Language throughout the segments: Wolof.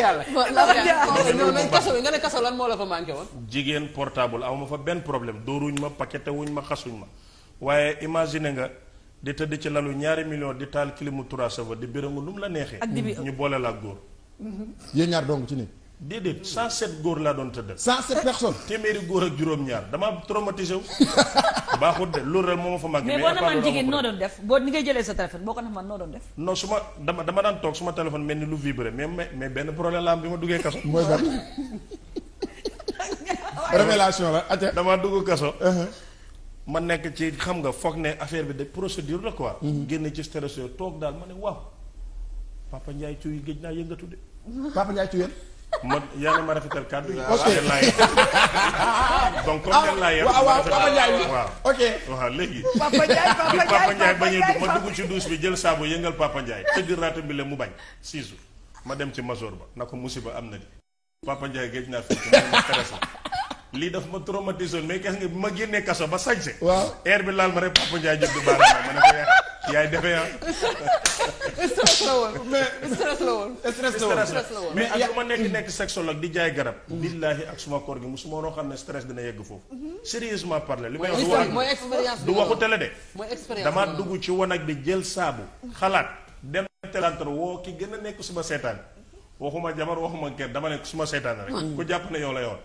yàlla. nga ne kaso lan moo la fa manqué woon. jigéen portable aw ma fa benn problème dóoruñ ma paqueté wuñ ma xasuñ ma waaye imagine nga di tëdd ci lalu ñaari million di taal kilimu trois chevaux di birangu nu mu la neexee. ak ñu booleel ak góor. Mhm. yéen ñaar dong ci nii. déedéet 107 góor laa doon tëddal. 107 personnes. téeméeri góor ak juróom-ñaar damaa traumatisé wu. baaxut de loolu rek moo ma fa mag mais boo namaan jigéen noo doon def boo ni ngay jëlee sa téléphone boo ko namaan noo doon def. ma dama dama daan toog suma téléphone mel ni lu vibré mais mais benn problème la am bi ma duggee kaso. mooy ban révélation la atia. damaa dugg kaso. Uh-huh. ma nekk ci xam nga foog ne affaire bi de procédure la quoi. Mm-hmm. génn ci stressé toog daal ma ne waaw Papa Ndiaye Thiou yi géej naa yëngatu de. Papa Ndiaye ma yàlla ma rafetal kàddu yi. ok donc comme kenn laa yem. Ah, waaw waaw Papa Ndiaye ok waaw léegi. Papa bañee du ma dugg ci douche bi jël saabu yëngal Papa tëgg raata bi mu bañ six ma dem ci masoor ba na ko musiba am na di Papa Ndiaye géej naa fi ma teresa lii daf ma traumatisoon mais gis nga bi ma génnee kaso ba sañse. waaw air bi laal ma rek Papa Ndiaye jóg du ma ne ko yaay defee ah. stress la woon mais stress la woon. ak ma nekk nekk sexologue di jaay garab. billaahi ak suma koor gi suma waroo xam ne stress dina yegg foofu. Mhm. sérieusement parler li may wax. mooy expérience du waxu télé de. mooy dama dugg ci wanag bi jël saabu. Mhm. xalaat dem telantar woo ki gën a nekk suma seetaan waxuma jabar waxuma ker dama nekk suma seetaan rek. ku jàpp na yow la yoon.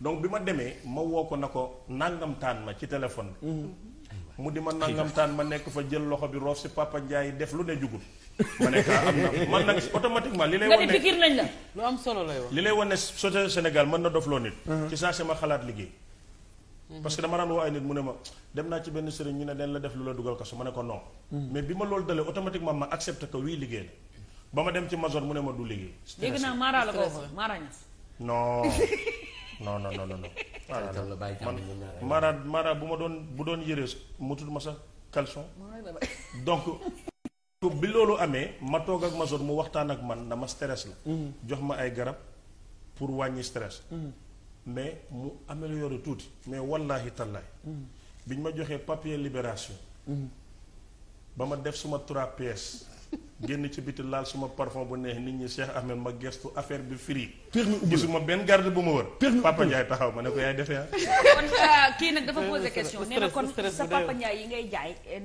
donc bi ma demee ma woo ko na ko nangamtaan ma ci téléphone bi. Mhm. mu di ma nangamtaan ma nekk fa jël loxo bi roof si papa Ndiaye def lu ne jugul. ma nekk am na man nag automatiquement li lay wane lu am solo lay li lay wane société Sénégal mën na dof loo nit. Mhm. ci saa ma xalaat liggéey. Mhm. parce que dama daan woo ay nit mu ne ma dem naa ci benn sëriñ ñu ne dañ la def lu la dugal kaso ma ne ko non. Mhm. mais bi ma loolu dalee automatiquement ma accepté que wii liggéey la ba ma dem ci masoor mu ne ma du liggéey. dégg naa Mara la ko waxee Mara Niass. non non non non non. ah man Mara Mara bu ma doon bu doon yëre mu tudd ma sax caleçon. donc bi loolu amee ma toog ak ma zone mu waxtaan ak man na ma stress la. Mm-hmm. jox ma ay garab pour wàññi stress. Mm-hmm. mais mu amélioré tuuti mais wallaahi tallaay. Mm-hmm. biñ ma joxee papier libération. ba ma def suma trois pièces. génn ci biti laal suma parfum bu neex nit ñi Cheikh Ahmed ma gestu affaire bi firi. permis gisuma benn garde bu ma wër. papa Ndiaye taxaw ma ne ko yaay defee ah. kon euh, kii nag dafa euh, posé question. nee kon sa papa Ndiaye yi ngay jaay.